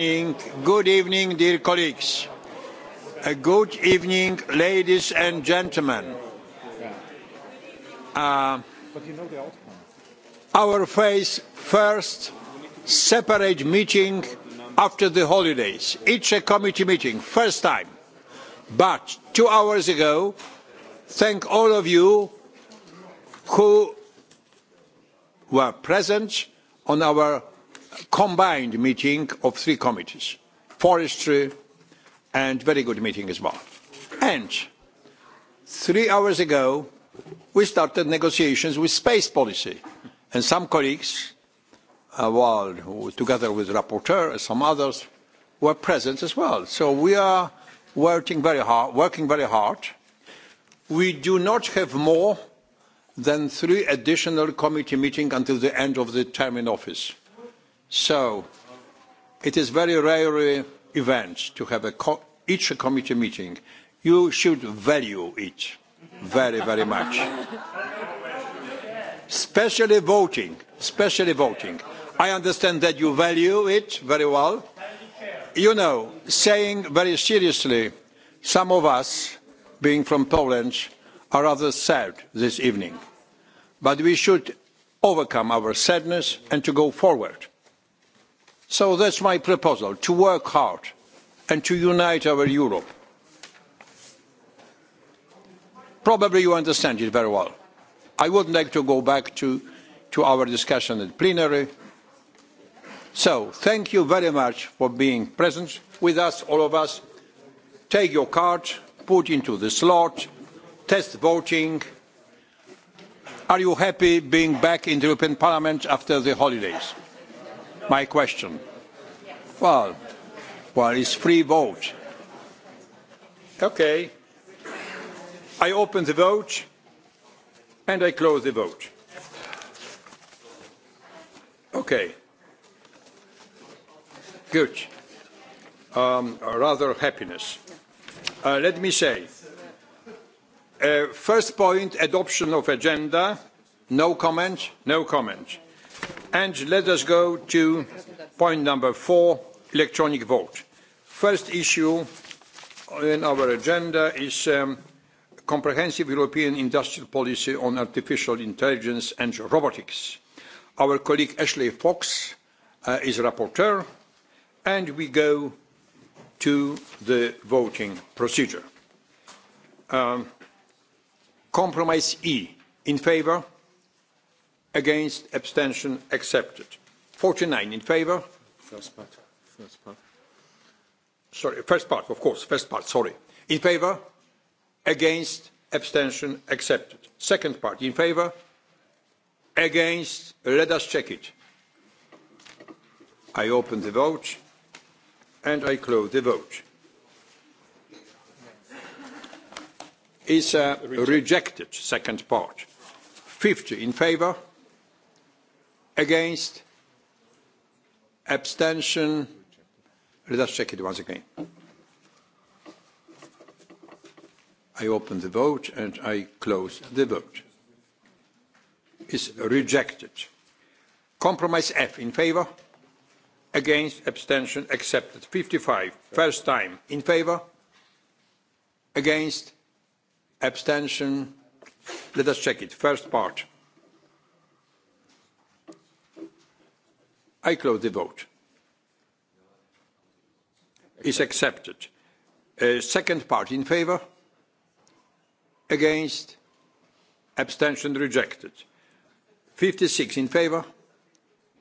evening, good evening, dear colleagues. A good evening, ladies and gentlemen. Uh, our face first separate meeting after the holidays. It's a committee meeting, first time. But two hours ago, thank all of you who were present on our combined meeting of three committees, forestry, and very good meeting as well. And three hours ago, we started negotiations with space policy. And some colleagues, uh, well, who, together with the rapporteur and some others, were present as well. So we are working very hard. Working very hard. We do not have more than three additional committee meetings until the end of the term in office. So it is very rare event to have a co each a committee meeting. You should value it very, very much. especially voting, especially voting. I understand that you value it very well. You know, saying very seriously, some of us, being from Poland, are rather sad this evening. But we should overcome our sadness and to go forward So that's my proposal, to work hard and to unite our Europe. Probably you understand it very well. I would like to go back to, to our discussion at plenary. So thank you very much for being present with us, all of us. Take your card, put into the slot, test voting. Are you happy being back in the European Parliament after the holidays? my question. Well, well, it's free vote. Okay. I open the vote and I close the vote. Okay. Good. Um, rather happiness. Uh, let me say, uh, first point, adoption of agenda. No comment, no comment And let us go to point number four, electronic vote. First issue in our agenda is um, comprehensive European industrial policy on artificial intelligence and robotics. Our colleague Ashley Fox uh, is rapporteur, and we go to the voting procedure. Um, compromise E, in favour? against abstention accepted 49 in favor first part first part sorry first part of course first part sorry in favor against abstention accepted second part in favor against let us check it i open the vote and i close the vote is uh, rejected second part 50 in favor Against? Abstention? Let us check it once again. I open the vote and I close the vote. Is rejected. Compromise F in favor? Against? Abstention? Accepted. 55. First time. In favor? Against? Abstention? Let us check it. First part. I close the vote. Is accepted. A uh, second part in favor? Against? Abstention rejected. 56 in favor?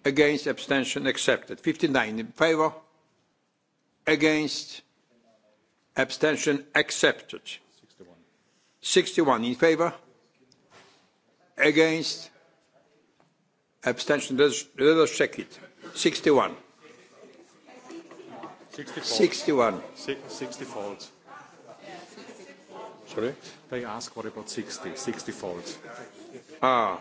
Against? Abstention accepted. 59 in favor? Against? Abstention accepted. 61, 61 in favor? Against? Abstention. Let us, let us check it. 61. 60 61. 60 folds. Sorry? They ask what about 60, 60 folds. Ah,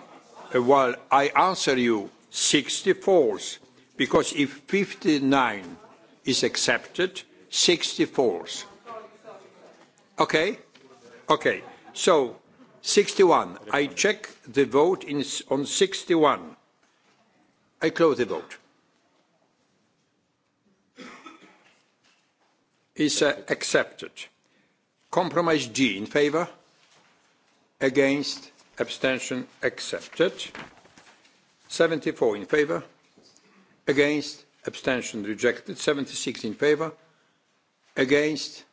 uh, well, I answer you 60 folds, because if 59 is accepted, 60 folds. Okay? Okay, so 61. I check the vote in, on 61. I close the vote. is uh, accepted. Compromise G in favor, against, abstention accepted. 74 in favor, against, abstention rejected. 76 in favor, against,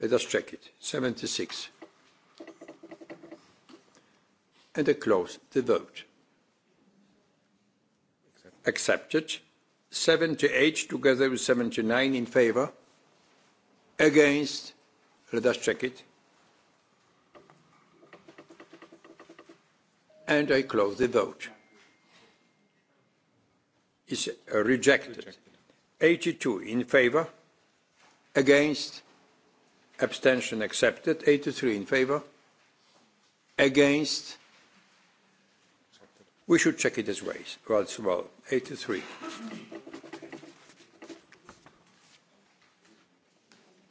let us check it, 76. And I close the vote. Accepted. 78 together with 79 in favor, Against? Let us check it. And I close the vote. It's rejected. 82 in favor. Against? Abstention accepted. 83 in favor. Against? We should check it as well. Well, 83.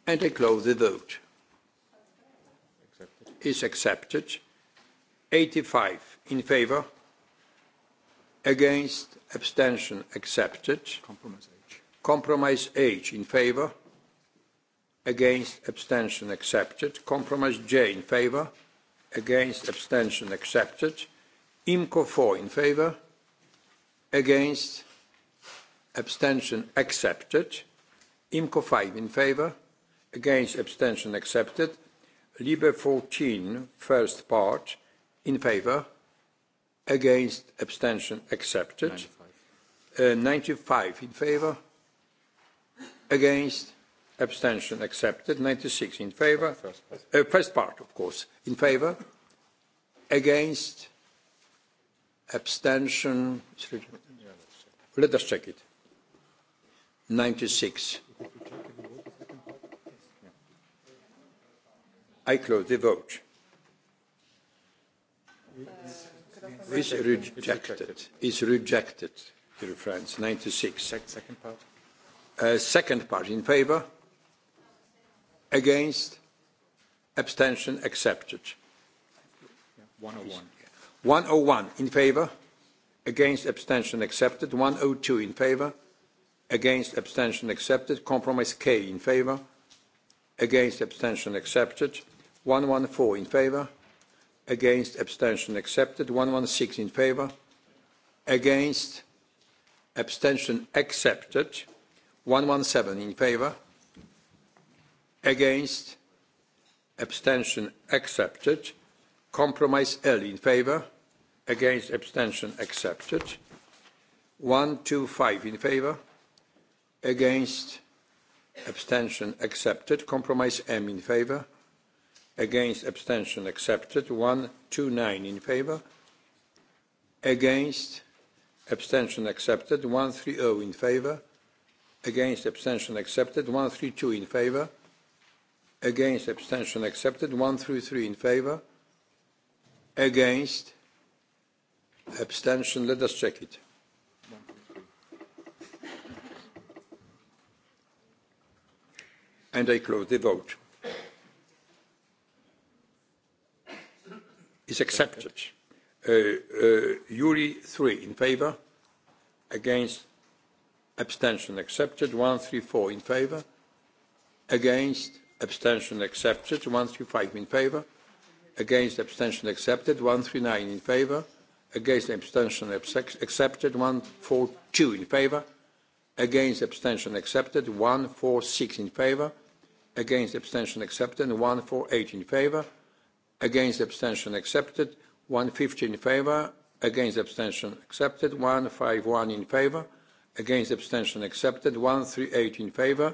and I close the vote. Accepted. Is accepted. 85 in favor, against, abstention accepted. Compromise H. Compromise H in favor, against, abstention accepted. Compromise J in favor, against, abstention accepted. IMCO 4 in favor, against, abstention accepted. IMCO 5 in favor, against abstention accepted libe 14 first part in favor against abstention accepted 95, uh, 95 in favor against abstention accepted 96 in favor first, uh, first part of course in favor against abstention let us check it 96 I close the vote. Is rejected. Is rejected. Dear friends, 96. Second part. Uh, second part in favor. Against. Abstention accepted. 101. 101 in favor. Against abstention accepted. 102 in favor. Against abstention accepted. Compromise K in favor. Against abstention accepted. 114 in favor, against abstention accepted 116 in favor, against abstention accepted 117 in favor, against abstention accepted compromise L in favor, against abstention accepted 125 in favor, against abstention accepted compromise M in favor, against abstention accepted 129 in favor against abstention accepted 130 in favor against abstention accepted 132 in favor against abstention accepted 133 in favor against abstention let us check it and i close the vote is accepted. Uh, uh, URI in favour, against, abstention accepted. One, three, four in favour, against, abstention accepted. One, three, five in favour, against, abstention accepted. One, three, nine in favour, against, abstention accepted. One, four, two in favour, against, abstention accepted. One, four, six in favour, against, abstention accepted. One, four, eight in favour against abstention accepted 150 in favor against abstention accepted 151 in favor against abstention accepted 138 in favor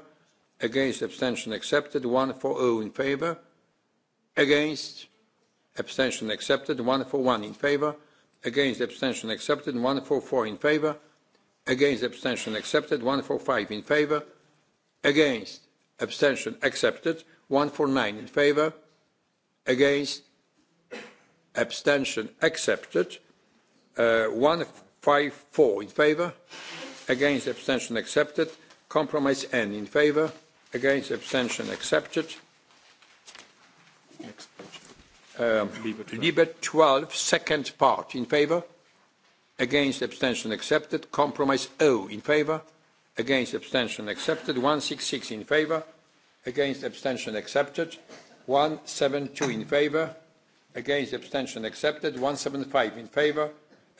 against abstention accepted 140 in favor against abstention accepted 141 in favor against abstention accepted 144 in favor against abstention accepted 145 in favor against abstention accepted 149 in favor against abstention accepted uh, 154 in favor against abstention accepted compromise n in favor against abstention accepted um, Libet 12 second part in favor against abstention accepted compromise o in favor against abstention accepted 166 in favor against abstention accepted 172 in favor, against abstention accepted. 175 in favor,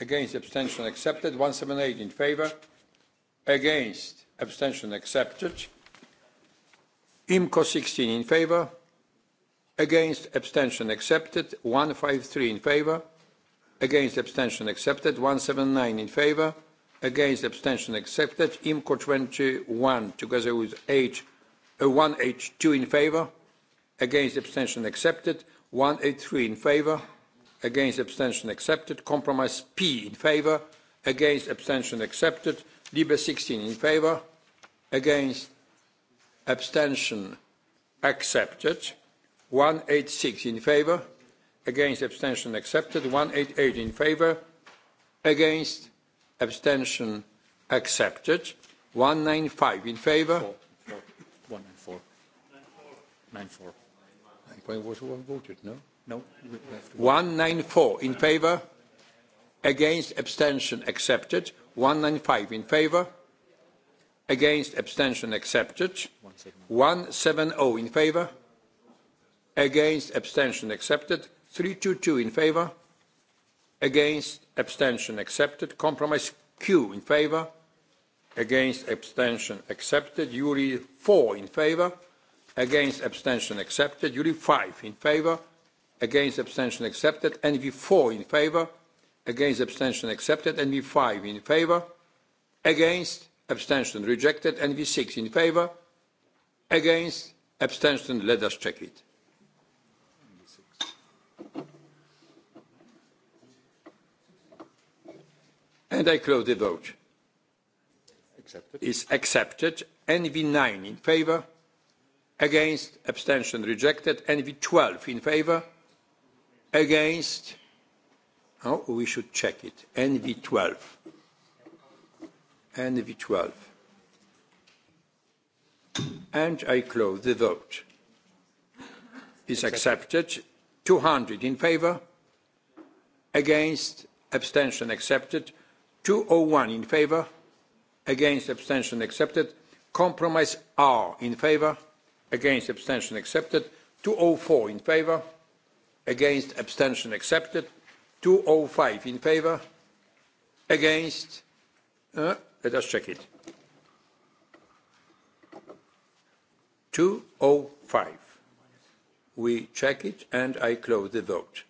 against abstention accepted. 178 in favor, against abstention accepted. IMCO 16 in favor, against abstention accepted. 153 in favor, against abstention accepted. 179 in favor, against abstention accepted. IMCO 21 together with H, uh, 182 in favor against abstention accepted 183 in favor against abstention accepted compromise p in favor against abstention accepted libe 16 in favor against abstention accepted 186 in favor against abstention accepted 188 in favor against abstention accepted 195 in favor 194 point was voted, no? No. One nine four in favor, against abstention accepted. One nine five in favor, against abstention accepted. One seven zero oh, in favor, against abstention accepted. Three two two in favor, against abstention accepted. Compromise Q in favor, against abstention accepted. Yuri four in favor against abstention accepted URI 5 in favor against abstention accepted NV 4 in favor against abstention accepted NV 5 in favor against abstention rejected NV 6 in favor against abstention let us check it and I close the vote accepted. is accepted NV 9 in favor against abstention rejected nv 12 in favor against oh we should check it nv 12 nv 12 and i close the vote is accepted 200 in favor against abstention accepted 201 in favor against abstention accepted compromise r in favor against abstention accepted 204 in favor against abstention accepted 205 in favor against uh, let us check it 205 we check it and i close the vote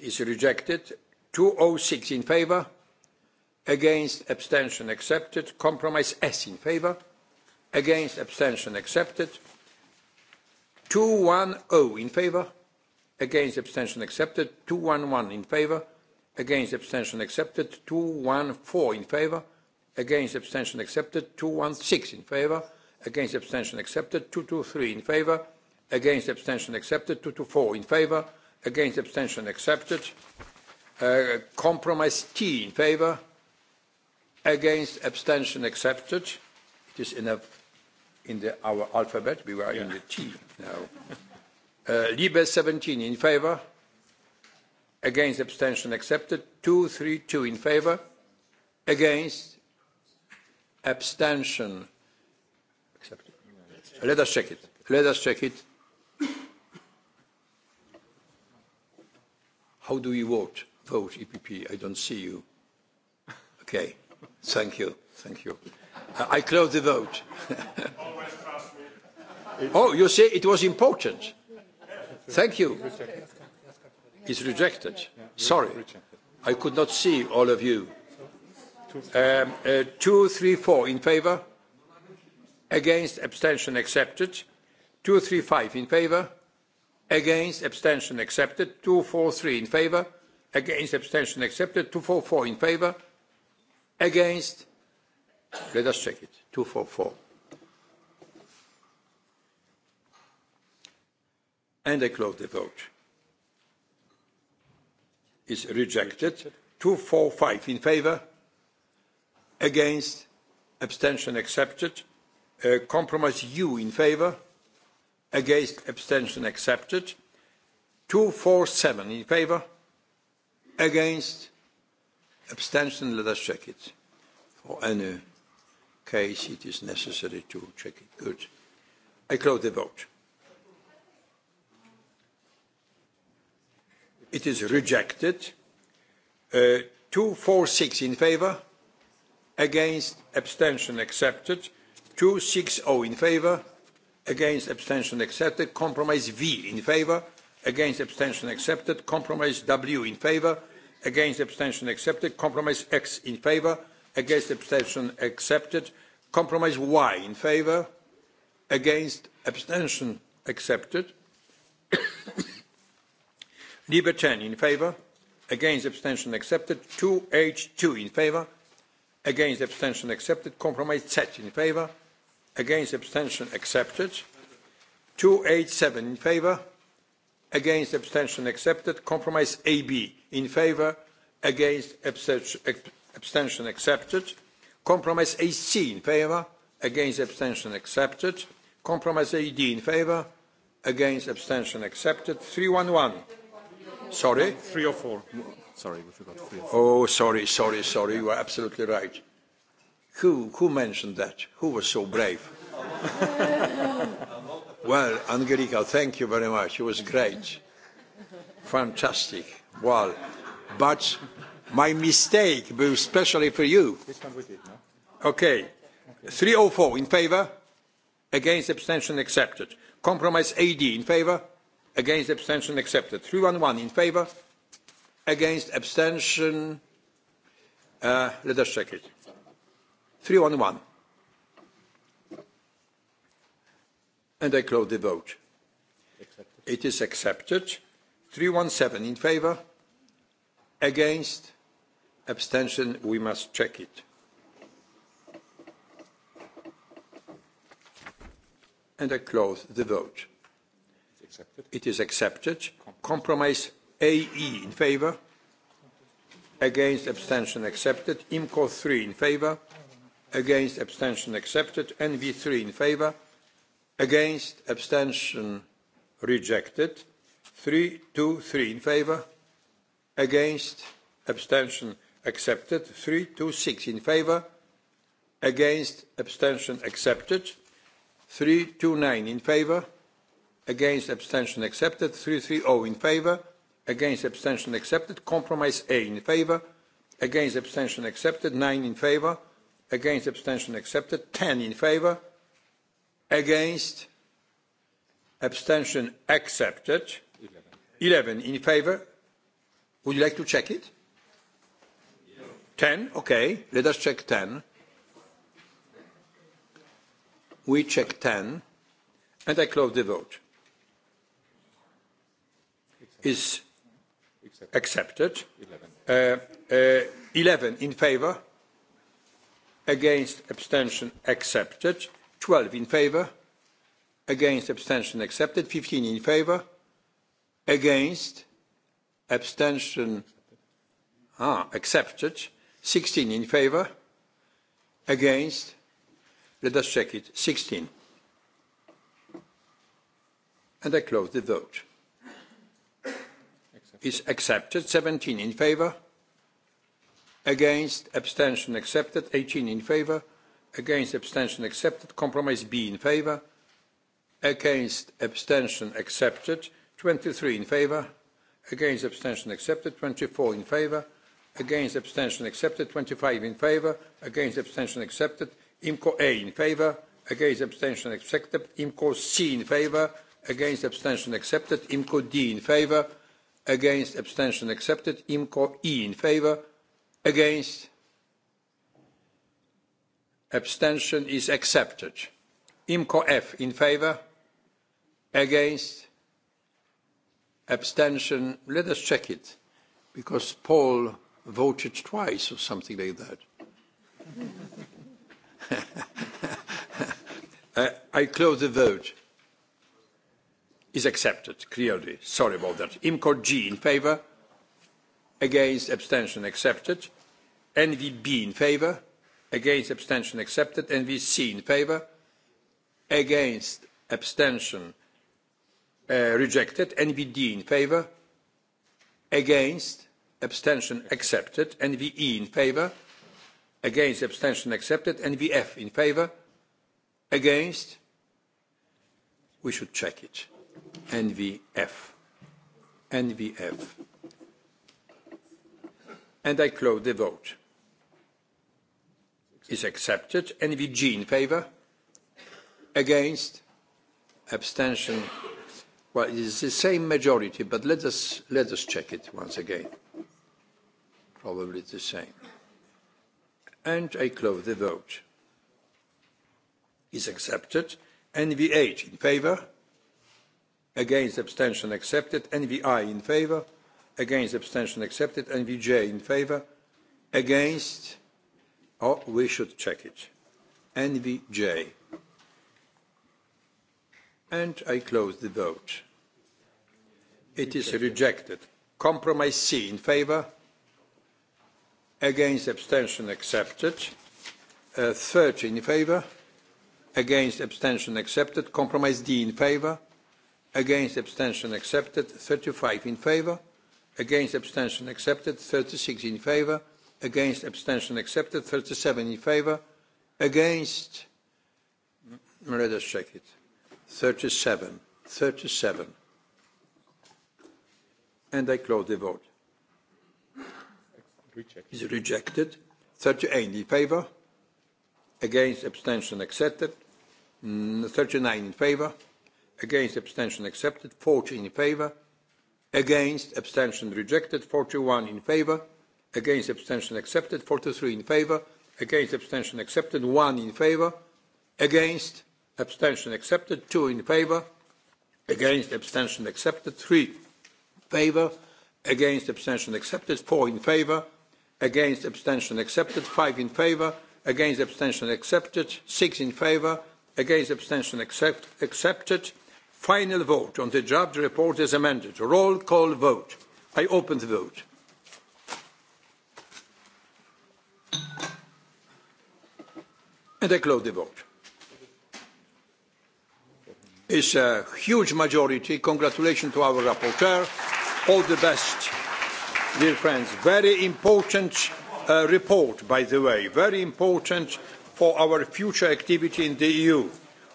is rejected 206 in favor against abstention accepted compromise s in favor against abstention accepted 210 in favor against abstention accepted 211 in favor against abstention accepted 214 in favor against abstention accepted 216 in favor against abstention accepted 223 in favor against abstention accepted 224 in favor against abstention accepted uh, compromise t in favor against abstention accepted it is enough in the, our alphabet. We were yeah. in the T now. Uh, Liebe 17 in favor. Against abstention accepted. 232 in favor. Against abstention accepted. Let us check it. Let us check it. How do we vote? Vote EPP. I don't see you. Okay. Thank you. Thank you. I close the vote. oh, you say it was important. Thank you. It's rejected. Sorry. I could not see all of you. Um, uh, two, three, four in favor. Against, abstention accepted. Two, three, five in favor. Against, abstention accepted. Two, four, three in favor. Against, abstention accepted. Two, four, four in favor. Against, Let us check it. 244. And I close the vote. Is rejected. 245 in favor. Against. Abstention accepted. Uh, compromise U in favor. Against. Abstention accepted. 247 in favor. Against. Abstention. Let us check it. For any case it is necessary to check it. Good. I close the vote. It is rejected. Uh, 246 in favor, against, abstention accepted. 260 in favor, against, abstention accepted. Compromise V in favor, against, abstention accepted. Compromise W in favor, against, abstention accepted. Compromise X in favor, against abstention accepted compromise y in favour against abstention accepted libe 10 in favour against abstention accepted 2h2 in favour against abstention accepted compromise z in favour against abstention accepted H7 in favour against abstention accepted compromise ab in favour against abstention abstention accepted. Compromise AC in favour, against abstention accepted. Compromise AD in favour, against abstention accepted. 311. Sorry? 304. Sorry, we forgot 304. Oh, sorry, sorry, sorry. You are absolutely right. Who, who mentioned that? Who was so brave? well, Angelica, thank you very much. It was great. Fantastic. Well, but My mistake, but especially for you. This no? Okay. 304 in favor, against abstention accepted. Compromise AD in favor, against abstention accepted. 311 in favor, against abstention. Uh, let us check it. 311. And I close the vote. Accepted. It is accepted. 317 in favor, against abstention we must check it and i close the vote it is accepted compromise ae in favor against abstention accepted imco 3 in favor against abstention accepted nv3 in favor against abstention rejected 3 in favor against abstention accepted. three six in favour. Against. Abstention accepted. three nine in favour. Against. Abstention accepted. three oh in favour. Against. Abstention accepted. Compromise A in favour. Against. Abstention accepted. nine in favour. Against. Abstention accepted. ten in favour. Against. Abstention accepted. 11 in favour. Would you like to check it? 10? ok. let us check 10. We check 10, and I close the vote. Is accepted. 11. Uh, uh, 11 in favor, against abstention accepted. 12 in favor, against abstention accepted. 15 in favor, against abstention ah, accepted. 16 in favor, against, let us check it, 16. And I close the vote. Accepted. Is accepted, 17 in favor, against, abstention accepted, 18 in favor, against, abstention accepted, compromise B in favor, against, abstention accepted, 23 in favor, against, abstention accepted, 24 in favor, against abstention accepted 25 in favor against abstention accepted imco a in favor against abstention accepted imco c in favor against abstention accepted imco d in favor against abstention accepted imco e in favor against abstention is accepted imco f in favor against abstention let us check it because paul voted twice or something like that. uh, I close the vote. Is accepted, clearly. Sorry about that. Imcor G in favour. Against abstention accepted. NVB in favour. Against abstention accepted. NVC in favour. Against abstention uh, rejected. NVD in favour. Against abstention accepted nve in favour against abstention accepted nvf in favour against we should check it nvf nvf and i close the vote is accepted nvg in favour against abstention well it is the same majority but let us let us check it once again probably the same. And I close the vote. Is accepted. NVH in favor, against abstention accepted. NVI in favor, against abstention accepted. NVJ in favor, against, oh, we should check it. NVJ. And I close the vote. It is rejected. Compromise C in favor, against abstention accepted uh, 30 in favor against abstention accepted compromise d in favor against abstention accepted 35 in favor against abstention accepted 36 in favor against abstention accepted 37 in favor against let us check it 37 37 and i close the vote is rejected. 38 in favour, against abstention accepted. 39 mm, in favour, against abstention accepted. 40 in favour, against abstention rejected. 41 in favour, against abstention accepted. 43 in favour, against abstention accepted. 1 in favour, against abstention accepted. 2 in favour, against abstention accepted. 3 favour, against abstention accepted. 4 in favour against abstention accepted, five in favour, against abstention accepted, six in favour, against abstention accept, accepted. Final vote on the draft report is amended. Roll call vote. I open the vote. And I close the vote. It's a huge majority. Congratulations to our rapporteur. All the best Dear friends, very important uh, report, by the way, very important for our future activity in the EU.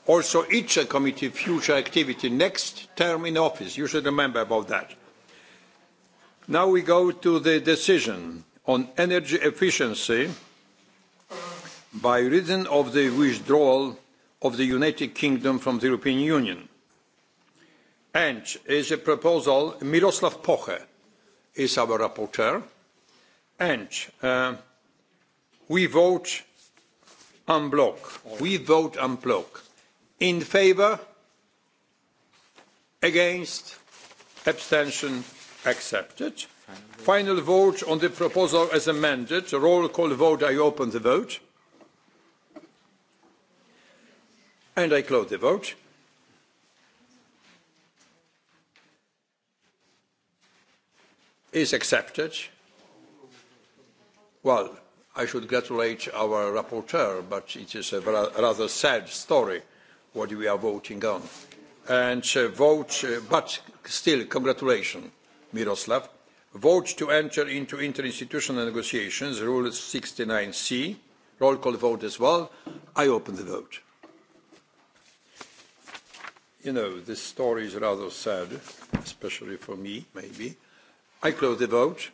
Also, each committee future activity next term in office. You should remember about that. Now we go to the decision on energy efficiency by reason of the withdrawal of the United Kingdom from the European Union. And is a proposal Miroslav Poche is our rapporteur, and uh, we vote en bloc. We vote en bloc. In favour, against, abstention accepted. Final vote on the proposal as amended. A roll call vote. I open the vote. And I close the vote. is accepted. Well, I should congratulate our rapporteur, but it is a rather sad story what we are voting on. And uh, vote, uh, but still, congratulations, Miroslav. Vote to enter into interinstitutional negotiations, Rule 69C. Roll call vote as well. I open the vote. You know, this story is rather sad, especially for me, maybe I close the vote.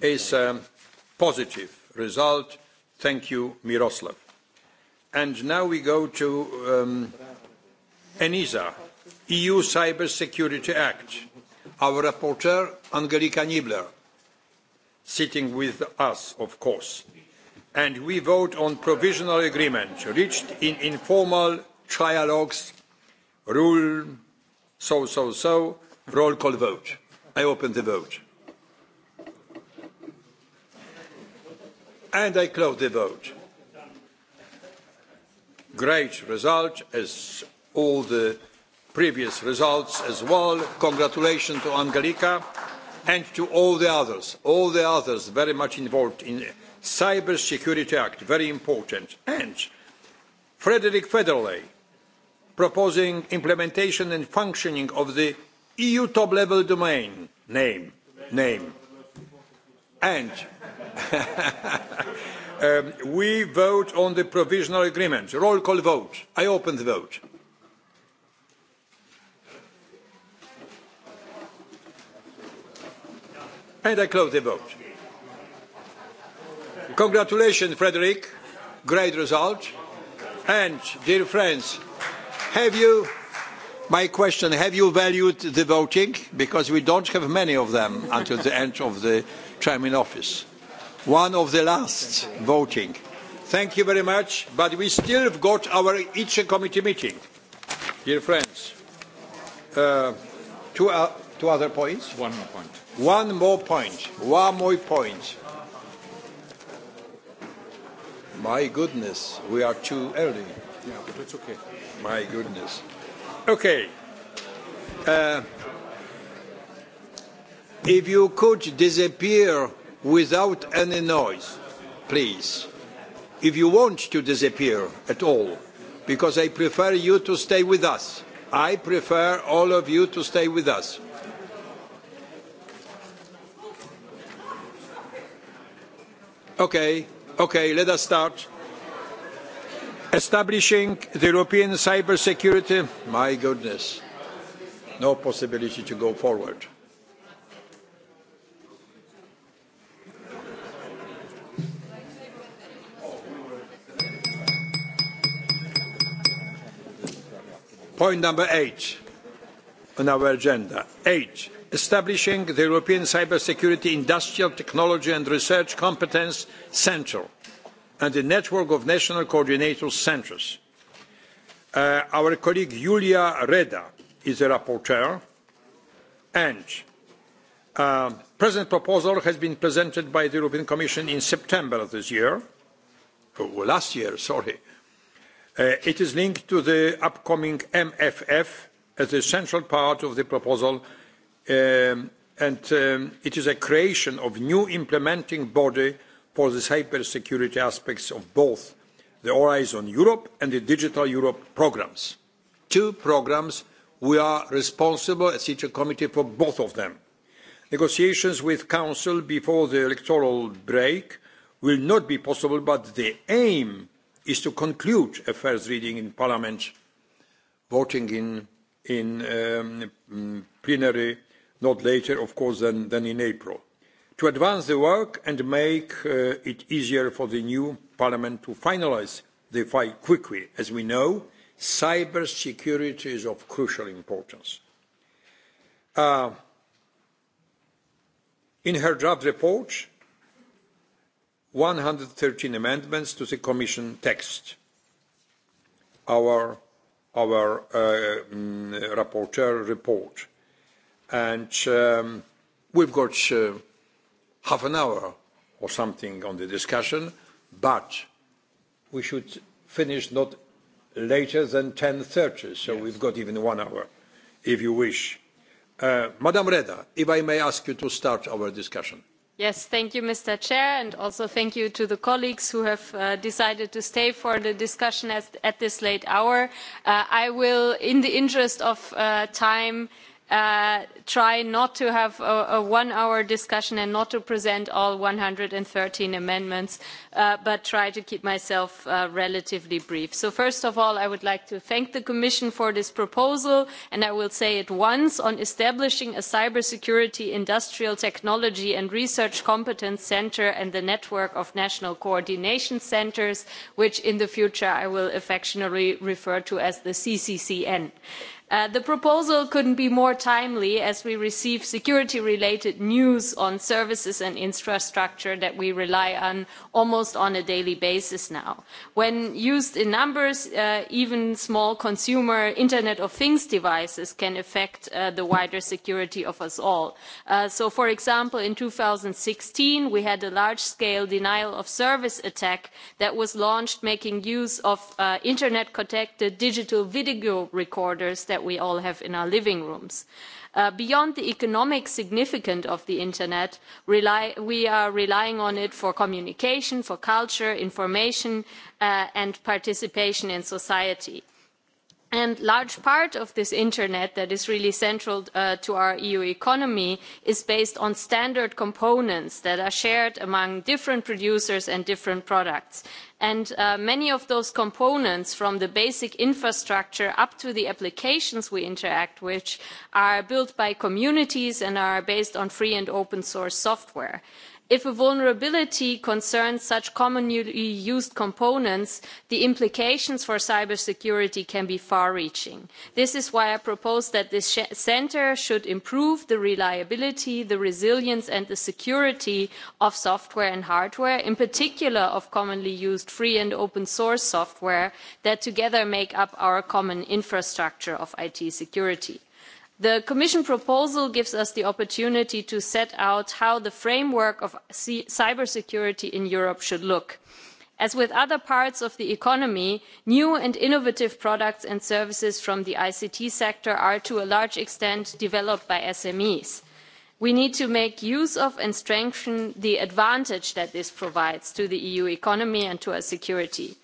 It's a positive result. Thank you, Miroslav. And now we go to um, ENISA, EU Cyber Security Act. Our rapporteur, Angelika Niebler, sitting with us, of course. And we vote on provisional agreement reached in informal trialogues, rule so, so, so, Roll call vote. I open the vote. And I close the vote. Great result, as all the previous results as well. Congratulations to Angelica and to all the others, all the others very much involved in Cyber Security Act, very important. And Frederick Federley proposing implementation and functioning of the EU top level domain name name and um, we vote on the provisional agreement roll call vote I open the vote and I close the vote congratulations Frederick great result and dear friends have you my question, have you valued the voting? Because we don't have many of them until the end of the term in office. One of the last voting. Thank you very much, but we still have got our each committee meeting. Dear friends, uh, two, uh, two other points? One more point. One more point. One more point. My goodness, we are too early. Yeah, but it's okay. My goodness. Okay. Uh, if you could disappear without any noise, please. If you want to disappear at all, because I prefer you to stay with us. I prefer all of you to stay with us. Okay, okay, let us start. Establishing the European cyber security, my goodness, no possibility to go forward. Point number eight on our agenda. Eight, establishing the European Cybersecurity Industrial Technology and Research Competence Central and a network of national coordinator centres. Uh, our colleague Julia Reda is the rapporteur, and uh, present proposal has been presented by the European Commission in September of this year, oh, last year, sorry. Uh, it is linked to the upcoming MFF as a central part of the proposal, um, and um, it is a creation of new implementing body For the cybersecurity aspects of both the Horizon Europe and the Digital Europe programmes. Two programmes, we are responsible as each committee for both of them. Negotiations with Council before the electoral break will not be possible, but the aim is to conclude a first reading in Parliament, voting in, in um, mm, plenary not later, of course, than, than in April to advance the work and make uh, it easier for the new parliament to finalise the file quickly. As we know, cyber security is of crucial importance. Uh, in her draft report, 113 amendments to the Commission text. Our, our uh, um, rapporteur report. And um, we've got uh, half an hour or something on the discussion, but we should finish not later than 10.30, so yes. we've got even one hour, if you wish. Uh, Madam Reda, if I may ask you to start our discussion. Yes, thank you, Mr. Chair, and also thank you to the colleagues who have uh, decided to stay for the discussion at, at this late hour. Uh, I will, in the interest of uh, time, Uh, try not to have a, a one hour discussion and not to present all 113 amendments, uh, but try to keep myself uh, relatively brief. So first of all, I would like to thank the Commission for this proposal, and I will say it once, on establishing a cybersecurity industrial technology and research competence centre and the network of national coordination centres, which in the future I will affectionately refer to as the CCCN. Uh, Uh, the proposal couldn't be more timely as we receive security related news on services and infrastructure that we rely on almost on a daily basis now. When used in numbers, uh, even small consumer Internet of Things devices can affect uh, the wider security of us all. so, for example, in 2016, we had a large scale denial of service attack that was launched making use of Internet connected digital video recorders that we all have in our living rooms. Uh, beyond the economic significance of the internet, rely, we are relying on it for communication, for culture, information uh, and participation in society and large part of this internet that is really central uh, to our eu economy is based on standard components that are shared among different producers and different products and uh, many of those components from the basic infrastructure up to the applications we interact with are built by communities and are based on free and open source software if a vulnerability concerns such commonly used components the implications for cybersecurity can be far reaching. this is why i propose that this centre should improve the reliability the resilience and the security of software and hardware in particular of commonly used free and open source software that together make up our common infrastructure of it security the commission proposal gives us the opportunity to set out how the framework of cybersecurity in europe should look. as with other parts of the economy new and innovative products and services from the ict sector are to a large extent developed by smes. we need to make use of and strengthen the advantage that this provides to the eu economy and to our security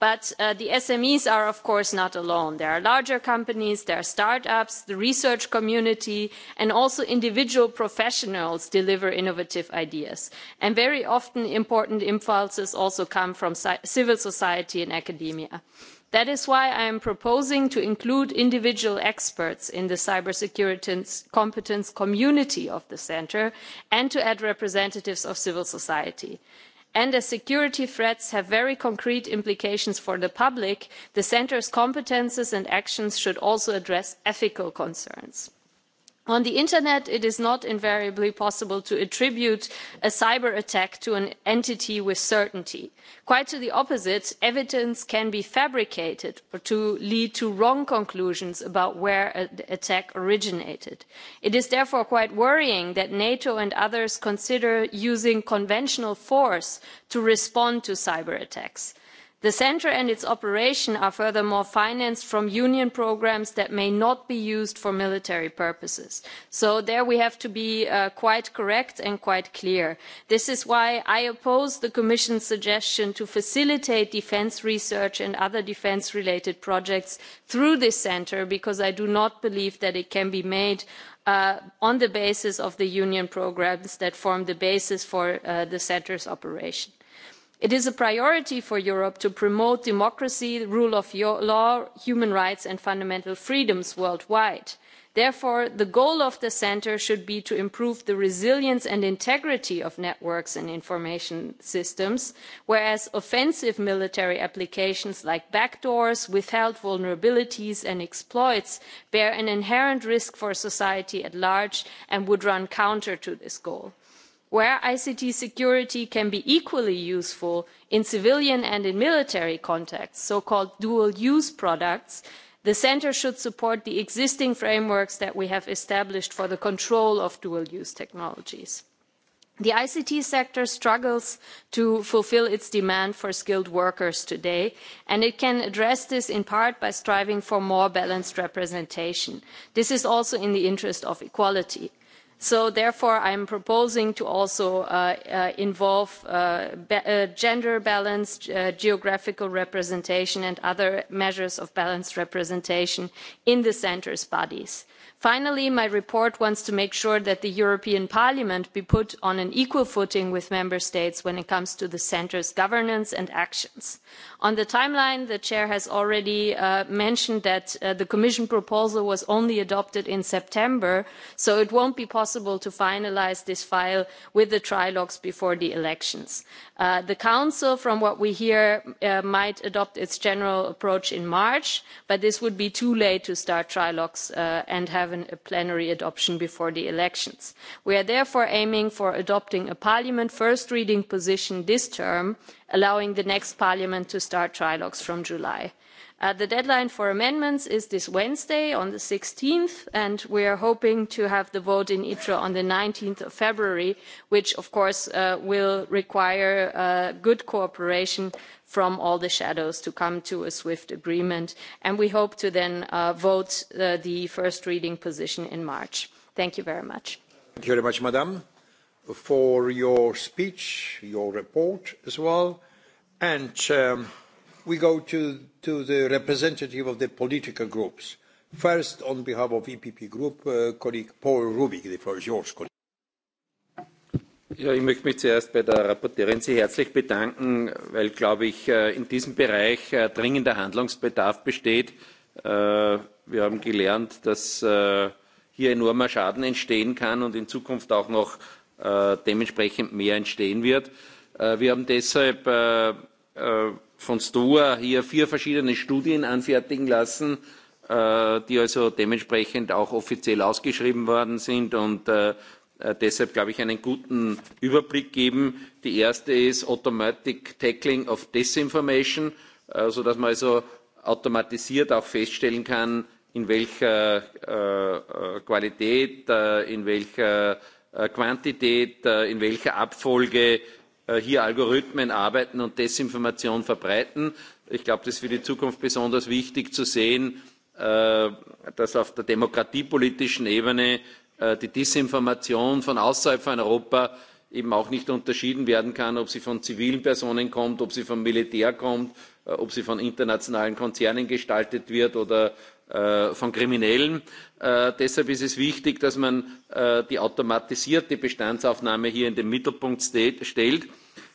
but uh, the smes are of course not alone there are larger companies there are start ups the research community and also individual professionals deliver innovative ideas and very often important impulses also come from civil society and academia. that is why i am proposing to include individual experts in the cybersecurity competence community of the centre and to add representatives of civil society and as security threats have very concrete implications for the public the centre's competences and actions should also address ethical concerns on the internet it is not invariably possible to attribute a cyber attack to an entity with certainty quite to the opposite evidence can be fabricated to lead to wrong conclusions about where an attack originated. it is therefore quite worrying that nato and others consider using conventional force to respond to cyber attacks the centre and its operation are furthermore financed from union programmes that may not be used for military purposes so there we have to be uh, quite correct and quite clear. this is why i oppose the commission's suggestion to facilitate defence research and other defence related projects through this centre because i do not believe that it can be made uh, on the basis of the union programmes that form the basis for uh, the centre's operation it is a priority for europe to promote democracy the rule of law human rights and fundamental freedoms worldwide. therefore the goal of the centre should be to improve the resilience and integrity of networks and information systems whereas offensive military applications like backdoors withheld vulnerabilities and exploits bear an inherent risk for society at large and would run counter to this goal where ict security can be equally useful in civilian and in military contexts so called dual use products the centre should support the existing frameworks that we have established for the control of dual use technologies. the ict sector struggles to fulfil its demand for skilled workers today and it can address this in part by striving for more balanced representation. this is also in the interest of equality so therefore i am proposing to also uh, uh, involve uh, gender balance geographical representation and other measures of balanced representation in the centres' bodies finally my report wants to make sure that the european parliament be put on an equal footing with member states when it comes to the centre's governance and actions. on the timeline the chair has already uh, mentioned that uh, the commission proposal was only adopted in september so it won't be possible to finalise this file with the trilogues before the elections. Uh, the council from what we hear uh, might adopt its general approach in march but this would be too late to start trilogues uh, and have a plenary adoption before the elections. we are therefore aiming for adopting a parliament first reading position this term allowing the next parliament to start trilogues from july. Uh, the deadline for amendments is this Wednesday on the 16th, and we are hoping to have the vote in itre on the 19th of February, which of course uh, will require uh, good cooperation from all the shadows to come to a swift agreement. And we hope to then vote the first reading position in March. Thank you very much. Thank you very much, Madam, for your speech, your report as well. And um, we go to, to the representative of the political groups. First, on behalf of EPP Group, uh, colleague Paul Rubig, the floor is yours. Colleague. Ja, ich möchte mich zuerst bei der Rapporteurin sehr herzlich bedanken, weil, glaube ich, äh, in diesem Bereich äh, dringender Handlungsbedarf besteht. Äh, wir haben gelernt, dass hier enormer Schaden entstehen kann und in Zukunft auch noch dementsprechend mehr entstehen wird. Wir haben deshalb von STOA hier vier verschiedene Studien anfertigen lassen, äh, die also dementsprechend auch offiziell ausgeschrieben worden sind und äh, äh deshalb, glaube ich, einen guten Überblick geben. Die erste ist Automatic Tackling of Disinformation, äh, sodass man also automatisiert auch feststellen kann, in welcher äh, äh, Qualität, äh, in welcher äh, Quantität, äh, in welcher Abfolge Äh, hier Algorithmen arbeiten und Desinformation verbreiten. Ich glaube, das ist für die Zukunft besonders wichtig zu sehen, äh, dass auf der demokratiepolitischen Ebene äh, die Desinformation von außerhalb von Europa eben auch nicht unterschieden werden kann, ob sie von zivilen Personen kommt, ob sie vom Militär kommt, ob sie von internationalen Konzernen gestaltet wird oder von Kriminellen. Äh, deshalb ist es wichtig, dass man äh, die automatisierte Bestandsaufnahme hier in den Mittelpunkt stellt.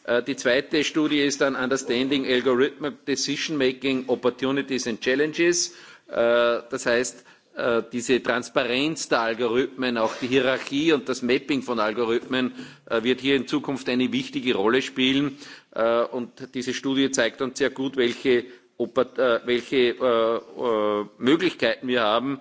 Äh, die zweite Studie ist dann Understanding Algorithmic Decision Making Opportunities and Challenges. Äh, das heißt, äh, diese Transparenz der Algorithmen, auch die Hierarchie und das Mapping von Algorithmen wird hier in Zukunft eine wichtige Rolle spielen. Und diese Studie zeigt uns sehr gut, welche, welche Möglichkeiten wir haben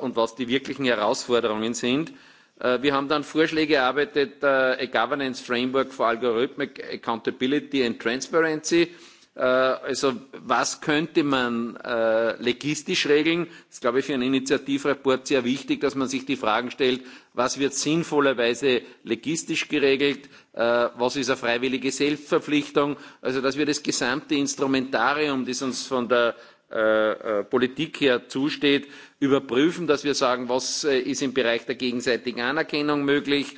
und was die wirklichen Herausforderungen sind. Äh, wir haben dann Vorschläge erarbeitet, äh, a Governance Framework for Algorithmic Accountability and Transparency. Äh, also was könnte man äh, legistisch regeln? Das ist, glaube ich, für einen Initiativreport sehr wichtig, dass man sich die Fragen stellt, was wird sinnvollerweise legistisch geregelt, äh, was ist eine freiwillige Selbstverpflichtung, also dass wir das gesamte Instrumentarium, das uns von der Äh, äh, Politik her zusteht, überprüfen, dass wir sagen, was äh, ist im Bereich der gegenseitigen Anerkennung möglich,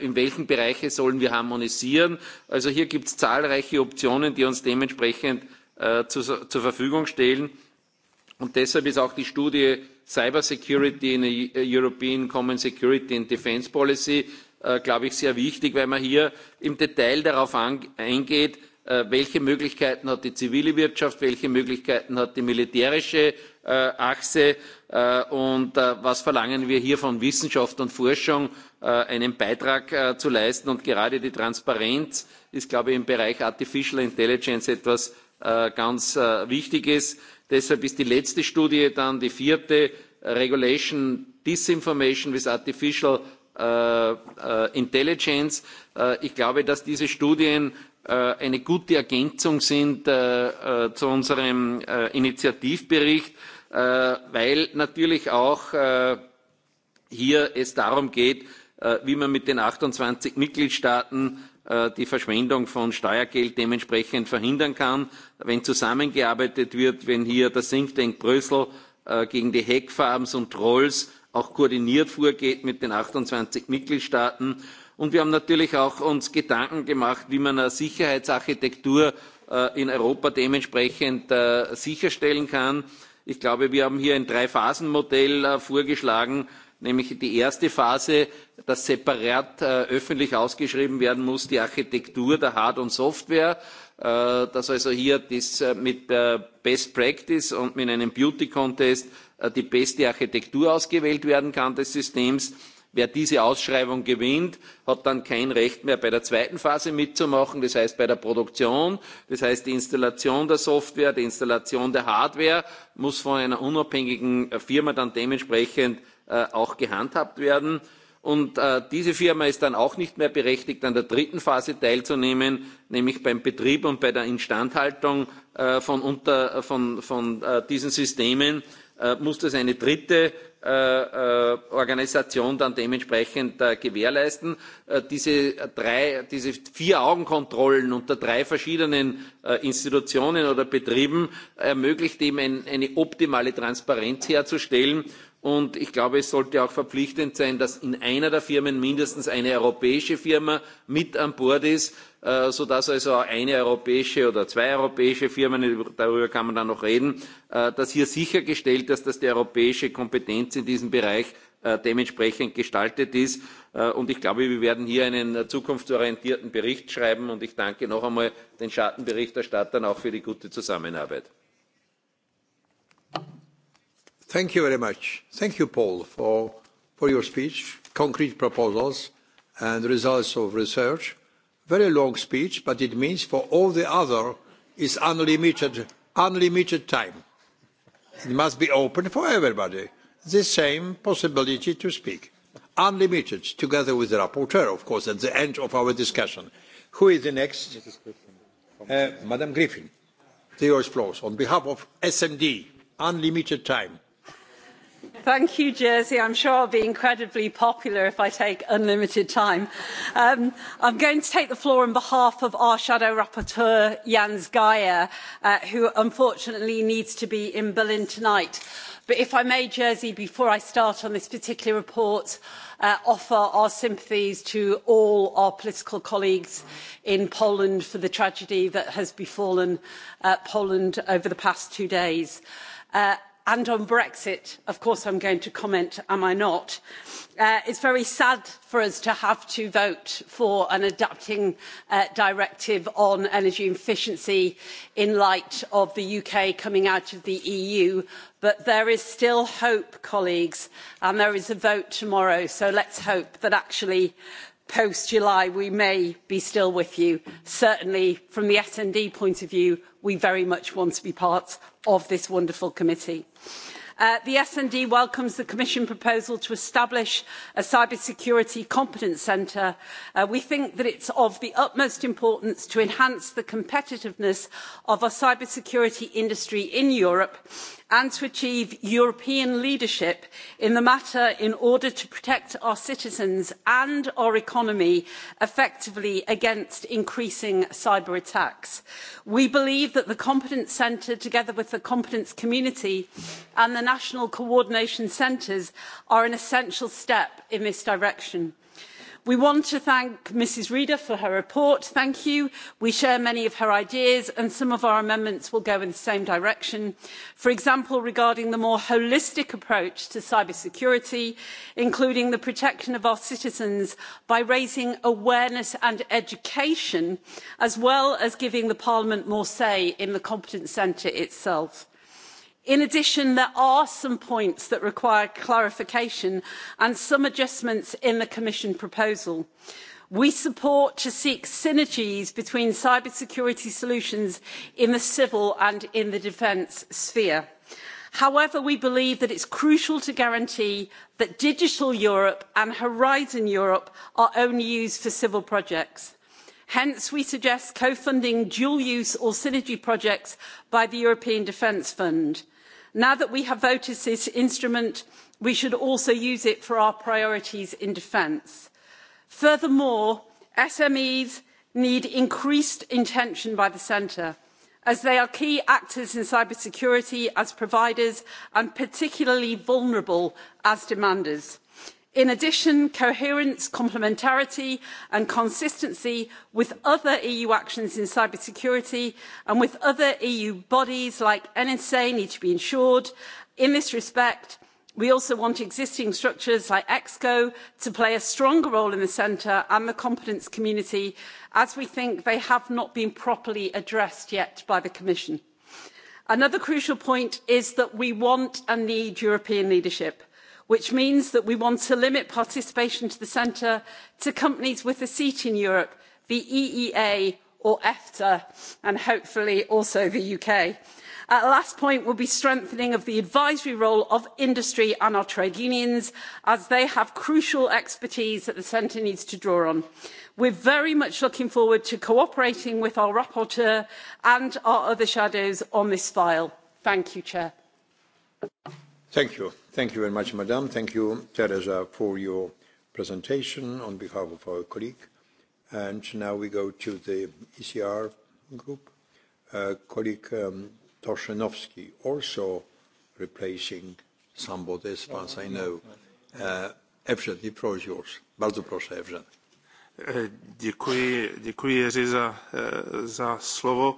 in welchen Bereichen sollen wir harmonisieren. Also hier gibt es zahlreiche Optionen, die uns dementsprechend zur Verfügung stehen. Und deshalb ist auch die Studie Cyber Security in a European Common Security and Defence Policy, glaube ich, sehr wichtig, weil man hier im Detail darauf eingeht, Äh, welche Möglichkeiten hat die zivile Wirtschaft, welche Möglichkeiten hat die militärische äh, Achse äh, und was verlangen wir hier von Wissenschaft und Forschung einen Beitrag zu leisten. Und gerade die Transparenz ist, glaube ich, im Bereich Artificial Intelligence etwas ganz Wichtiges. Deshalb ist die letzte Studie dann die vierte Regulation Disinformation with Artificial Intelligence. Ich glaube, dass diese Studien Äh, eine gute Ergänzung sind äh, äh, zu unserem Initiativbericht, weil natürlich auch hier es darum geht, wie man mit den 28 Mitgliedstaaten die Verschwendung von Steuergeld dementsprechend verhindern kann. Wenn zusammengearbeitet wird, wenn hier das Think Tank Brüssel gegen die Hackfarms und Trolls auch koordiniert vorgeht mit den 28 Mitgliedstaaten, Und wir haben natürlich auch uns Gedanken gemacht, wie man eine Sicherheitsarchitektur äh, in Europa dementsprechend äh, sicherstellen kann. Ich glaube, wir haben hier ein Drei-Phasen-Modell äh, vorgeschlagen, nämlich die erste Phase, dass separat öffentlich ausgeschrieben werden muss, die Architektur der Hard- und Software, dass also hier das mit äh, Best Practice und mit einem Beauty Contest die beste Architektur ausgewählt werden kann des Systems Wer diese Ausschreibung gewinnt, hat dann kein Recht mehr bei der zweiten Phase mitzumachen, das heißt bei der Produktion, das heißt die Installation der Software, die Installation der Hardware muss von einer unabhängigen Firma dann dementsprechend äh, auch gehandhabt werden. Und äh, diese Firma ist dann auch nicht mehr berechtigt, an der dritten Phase teilzunehmen, nämlich beim Betrieb und bei der Instandhaltung äh, von, unter, von, von äh, diesen Systemen. Äh, muss das eine dritte äh, äh, Organisation dann dementsprechend gewährleisten. Diese, drei, diese vier Augenkontrollen unter drei verschiedenen Institutionen oder Betrieben ermöglicht eben eine optimale Transparenz herzustellen Und ich glaube, es sollte auch verpflichtend sein, dass in einer der Firmen mindestens eine europäische Firma mit an Bord ist, äh, sodass also eine europäische oder zwei europäische Firmen, darüber kann man dann noch reden, äh, dass hier sichergestellt ist, dass die europäische Kompetenz in diesem Bereich äh, dementsprechend gestaltet ist. Äh, und ich glaube, wir werden hier einen zukunftsorientierten Bericht schreiben. Und ich danke noch einmal den Schattenberichterstattern auch für die gute Zusammenarbeit. Thank you very much. Thank you, Paul, for, for your speech, concrete proposals and results of research. Very long speech, but it means for all the other is unlimited, unlimited time. It must be open for everybody. The same possibility to speak. Unlimited, together with the rapporteur, of course, at the end of our discussion. Who is the next? Uh, Madam Griffin. The floors on behalf of SMD. Unlimited time. Thank you, Jersey. I'm sure I'll be incredibly popular if I take unlimited time. Um, I'm going to take the floor on behalf of our shadow rapporteur, Jans Geier, uh, who unfortunately needs to be in Berlin tonight. But if I may, Jersey, before I start on this particular report, uh, offer our sympathies to all our political colleagues in Poland for the tragedy that has befallen uh, Poland over the past two days. Uh, and on brexit of course i'm going to comment am i not? Uh, it's very sad for us to have to vote for an adapting uh, directive on energy efficiency in light of the uk coming out of the eu but there is still hope colleagues and there is a vote tomorrow so let's hope that actually post july we may be still with you. certainly from the sd point of view we very much want to be part of this wonderful committee. Uh, the sd welcomes the commission proposal to establish a cybersecurity competence centre. Uh, we think that it's of the utmost importance to enhance the competitiveness of our cybersecurity industry in europe and to achieve European leadership in the matter in order to protect our citizens and our economy effectively against increasing cyber attacks. We believe that the Competence Centre, together with the Competence Community and the National Coordination Centres, are an essential step in this direction we want to thank ms reda for her report thank you. we share many of her ideas and some of our amendments will go in the same direction for example regarding the more holistic approach to cybersecurity including the protection of our citizens by raising awareness and education as well as giving parliament more say in the competence centre itself in addition there are some points that require clarification and some adjustments in the commission proposal. we support to seek synergies between cybersecurity solutions in the civil and in the defence sphere. however we believe that it's crucial to guarantee that digital europe and horizon europe are only used for civil projects hence we suggest co funding dual use or synergy projects by the european defence fund now that we have voted this instrument we should also use it for our priorities in defence. furthermore smes need increased attention by the centre as they are key actors in cybersecurity as providers and particularly vulnerable as demanders. In addition, coherence, complementarity and consistency with other EU actions in cybersecurity and with other EU bodies like NSA need to be ensured. In this respect, we also want existing structures like exco to play a stronger role in the centre and the competence community as we think they have not been properly addressed yet by the commission. another crucial point is that we want and need european leadership which means that we want to limit participation to the centre to companies with a seat in Europe, the EEA or EFTA, and hopefully also the UK. Our last point will be strengthening of the advisory role of industry and our trade unions, as they have crucial expertise that the Centre needs to draw on. We're very much looking forward to cooperating with our rapporteur and our other shadows on this file. Thank you, Chair. Thank you. Thank you very much, Madam. Thank you, Teresa, for your presentation on behalf of our colleague. And now we go to the ECR group. Uh, colleague um, Toshenovsky, also replacing somebody, as far as I know. Uh, Evgen, the floor is yours. Bardzo proszę, Evgen. Děkuji, děkuji Jeři za, eh, za slovo.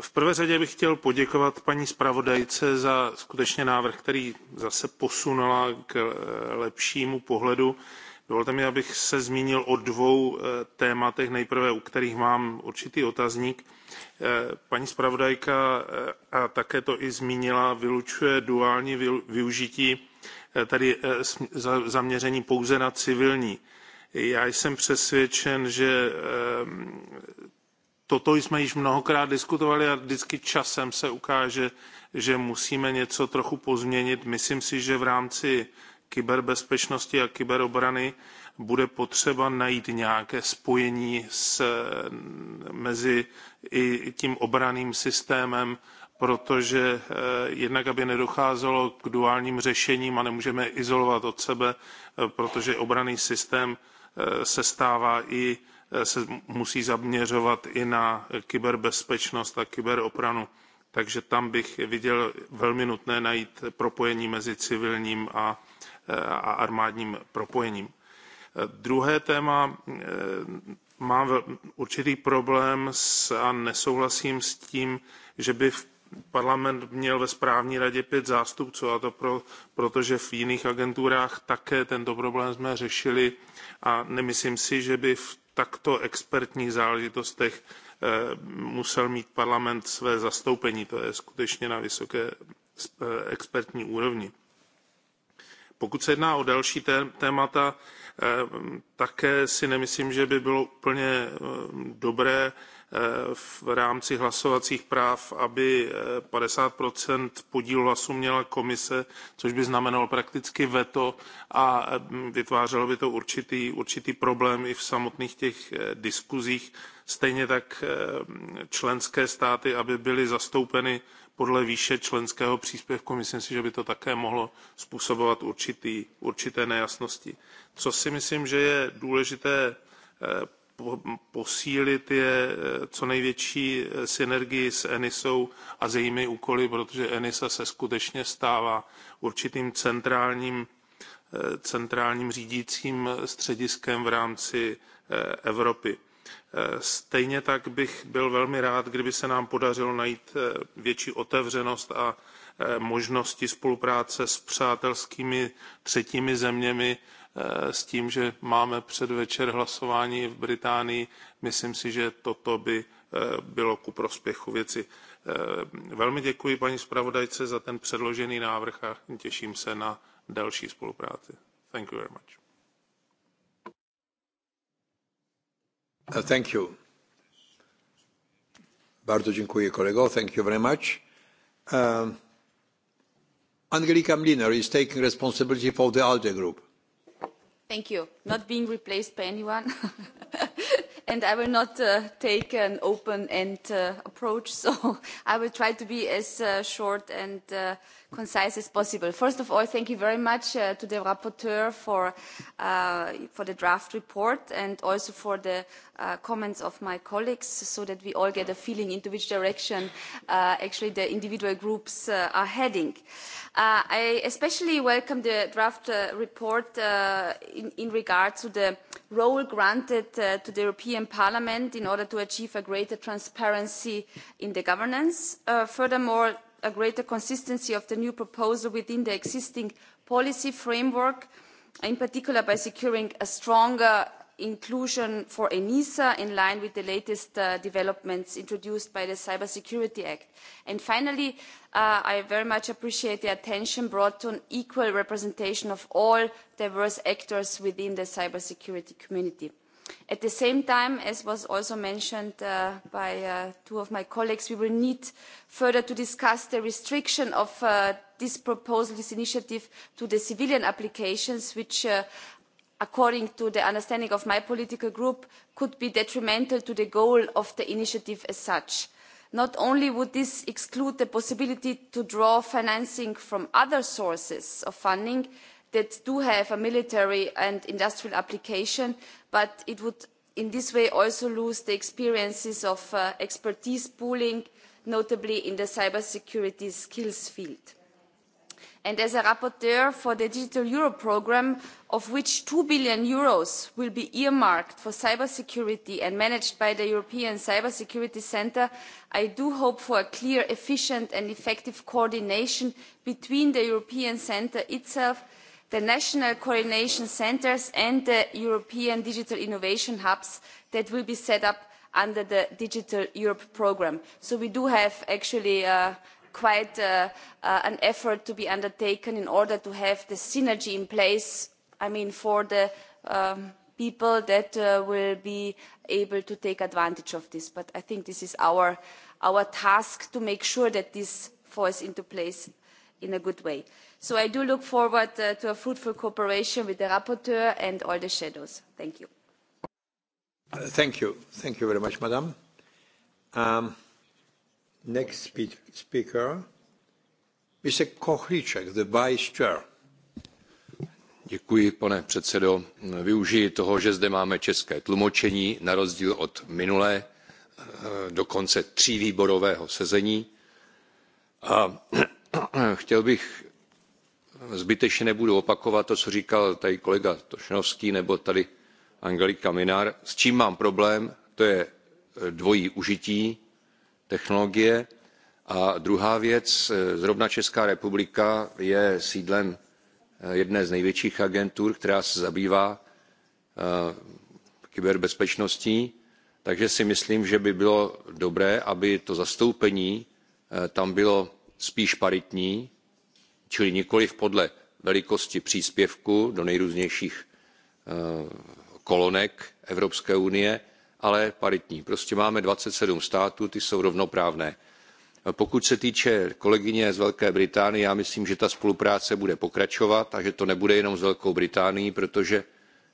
V prvé řadě bych chtěl poděkovat paní zpravodajce za skutečně návrh, který zase posunula k eh, lepšímu pohledu. Dovolte mi, abych se zmínil o dvou eh, tématech, nejprve u kterých mám určitý otazník. Paní zpravodajka, a také to i zmínila, vylučuje duální využití, tedy zaměření pouze na civilní Já jsem přesvědčen, že ehm, toto jsme již mnohokrát diskutovali a vždycky časem se ukáže, že musíme něco trochu pozměnit. Myslím si, že v rámci kyberbezpečnosti a kyberobrany bude potřeba najít nějaké spojení s, mezi i tím obraným systémem, protože eh, jednak, aby nedocházelo k duálním řešením a nemůžeme je izolovat od sebe, eh, protože obranný systém Eh, se stává i eh, se musí zaměřovat i na kyberbezpečnost a kyberobranu. Takže tam bych viděl velmi nutné najít propojení mezi civilním a, eh, a armádním propojením. Druhé téma, mám určitý problém s, a nesouhlasím s tím, že by parlament měl ve správní radě pět zástupců, a to pro, protože v jiných agenturách také tento problém jsme řešili a nemyslím si, že by v takto expertních záležitostech eh, musel mít parlament své zastoupení. To je skutečně na vysoké eh, expertní úrovni. Pokud se jedná o další témata, eh, také si nemyslím, že by bylo úplně dobré v rámci hlasovacích práv, aby 50 eh, podílu hlasů měla komise, což by znamenalo prakticky veto a mm, vytvářelo by to určitý, určitý problém i v samotných těch eh, diskuzích. Stejně tak eh, členské státy, aby byly zastoupeny podle výše členského příspěvku, myslím si, že by to také mohlo způsobovat určitý, určité nejasnosti. Co si myslím, že je důležité posílit je eh, co největší eh, synergii s Enisou a s jejími úkoly, protože Enisa se skutečně stává určitým centrálním, eh, centrálním řídícím střediskem v rámci Evropy. Stejně tak bych byl velmi rád, kdyby se nám podařilo najít větší otevřenost a možnosti spolupráce s přátelskými třetími zeměmi, Eh, s tím, že máme předvečer hlasování v Británii, myslím si, že toto by eh, bylo ku prospěchu věci. Eh, velmi děkuji paní zpravodajce za ten předložený návrh a těším se na další spolupráci. Thank you very much. Uh, thank you. Bardzo dziękuję kolego. Thank you very much. Um, Angelika Mliner is taking responsibility for the ALDE group thank you not being replaced by anyone and I will not uh, take an open-end uh, approach, so I will try to be as uh, short and concise as possible. First of all, thank you very much to the rapporteur for, for the draft report and also for the comments of my colleagues so that we all get a feeling into which direction actually the individual groups are heading. I especially welcome the draft report in regard to the role granted uh, to the European Parliament in order to achieve a greater transparency in the governance. Uh, furthermore, a greater consistency of the new proposal within the existing policy framework, in particular by securing a stronger inclusion for enisa in line with the latest uh, developments introduced by the cybersecurity act. and finally uh, i very much appreciate the attention brought to an equal representation of all diverse actors within the cybersecurity community. at the same time as was also mentioned uh, by uh, two of my colleagues we will need further to discuss the restriction of uh, this proposal this initiative to the civilian applications which uh, according to the understanding of my political group could be detrimental to the goal of the initiative as such. not only would this exclude the possibility to draw financing from other sources of funding that do have a military and industrial application but it would in this way also lose the experiences of uh, expertise pooling notably in the cybersecurity skills field and as a rapporteur for the digital europe programme of which eur two billion Euros will be earmarked for cybersecurity and managed by the european cybersecurity centre i do hope for a clear efficient and effective coordination between the european centre itself the national coordination centres and the european digital innovation hubs that will be set up under the digital europe programme. so we do have actually uh, quite an effort to be undertaken in order to have the synergy in place i mean for the um, people that uh, will be able to take advantage of this. But I think this is our, our task to make sure that this falls into place in a good way. So I do look forward uh, to a fruitful cooperation with the rapporteur and all the shadows. Thank you. Uh, thank you. Thank you very much, Madam. Um, Next speaker, Mr. Kohlíček, the vice chair. Děkuji, pane předsedo. Využiji toho, že zde máme české tlumočení, na rozdíl od minulé, eh, dokonce tří výborového sezení. A chtěl bych, zbytečně nebudu opakovat to, co říkal tady kolega Tošnovský nebo tady Angelika Minár. S čím mám problém, to je eh, dvojí užití technologie. A druhá věc, zrovna Česká republika je sídlem jedné z největších agentur, která se zabývá kyberbezpečností, takže si myslím, že by bylo dobré, aby to zastoupení tam bylo spíš paritní, čili nikoliv podle velikosti příspěvku do nejrůznějších kolonek Evropské unie, ale paritní. Prostě máme 27 států, ty jsou rovnoprávné. Pokud se týče kolegyně z Velké Británie, já myslím, že ta spolupráce bude pokračovat a že to nebude jenom s Velkou Británií, protože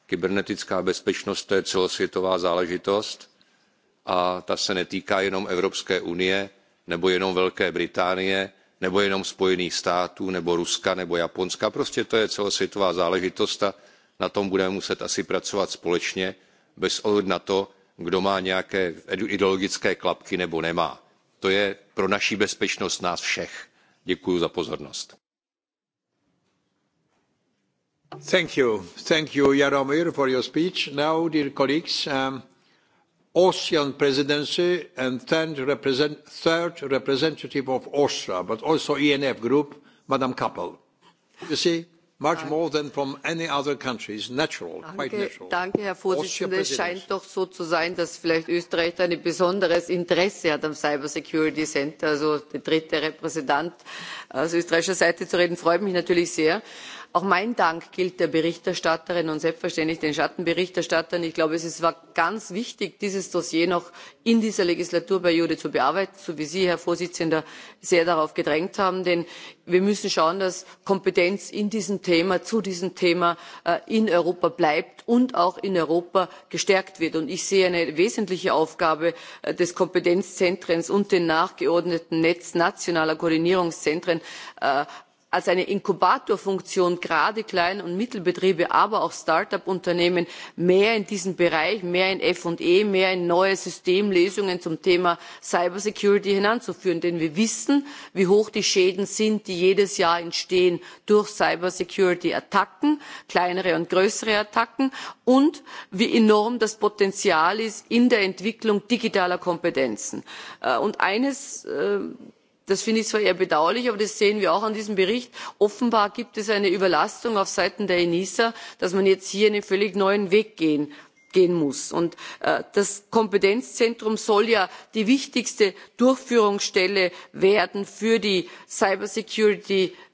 kybernetická bezpečnost to je celosvětová záležitost a ta se netýká jenom Evropské unie nebo jenom Velké Británie nebo jenom Spojených států nebo Ruska nebo Japonska. Prostě to je celosvětová záležitost a na tom budeme muset asi pracovat společně bez ohledu na to, kdo má nějaké ideologické klapky nebo nemá. To je pro naši bezpečnost nás všech. Děkuji za pozornost. Thank you. Thank you, Jaromir, for your speech. Now, dear colleagues, um, Austrian presidency and third, represent, third representative of Austria, but also ENF group, Kappel. You see, much more than from any other countries, natural, danke, quite natural. Danke, Herr Vorsitzender. Es scheint doch so zu sein, dass vielleicht Österreich da ein besonderes Interesse hat am Cyber Security Center, also der dritte Repräsentant aus österreichischer Seite zu reden, freut mich natürlich sehr auch mein dank gilt der berichterstatterin und selbstverständlich den schattenberichterstattern. ich glaube es war ganz wichtig dieses dossier noch in dieser legislaturperiode zu bearbeiten so wie sie herr vorsitzender sehr darauf gedrängt haben denn wir müssen schauen dass kompetenz in diesem thema zu diesem thema äh, in europa bleibt und auch in europa gestärkt wird. und ich sehe eine wesentliche aufgabe äh, des kompetenzzentrums und des nachgeordneten netzes nationaler koordinierungszentren äh, als eine inkubatorfunktion gerade klein und mittelbetriebe aber auch start up unternehmen mehr in diesen bereich mehr in fe mehr in neue systemlösungen zum thema cybersicherheit hineinzuführen denn wir wissen wie hoch die schäden sind die jedes jahr entstehen durch cybersicherheit attacken kleinere und größere attacken und wie enorm das potenzial ist in der entwicklung digitaler kompetenzen. Äh, und eines äh, das finde ich zwar eher bedauerlich aber das sehen wir auch an diesem bericht offenbar gibt es eine überlastung auf seiten der enisa dass man jetzt hier einen völlig neuen weg gehen muss. Äh, das kompetenzzentrum soll ja die wichtigste durchführungsstelle werden für die cybersicherheit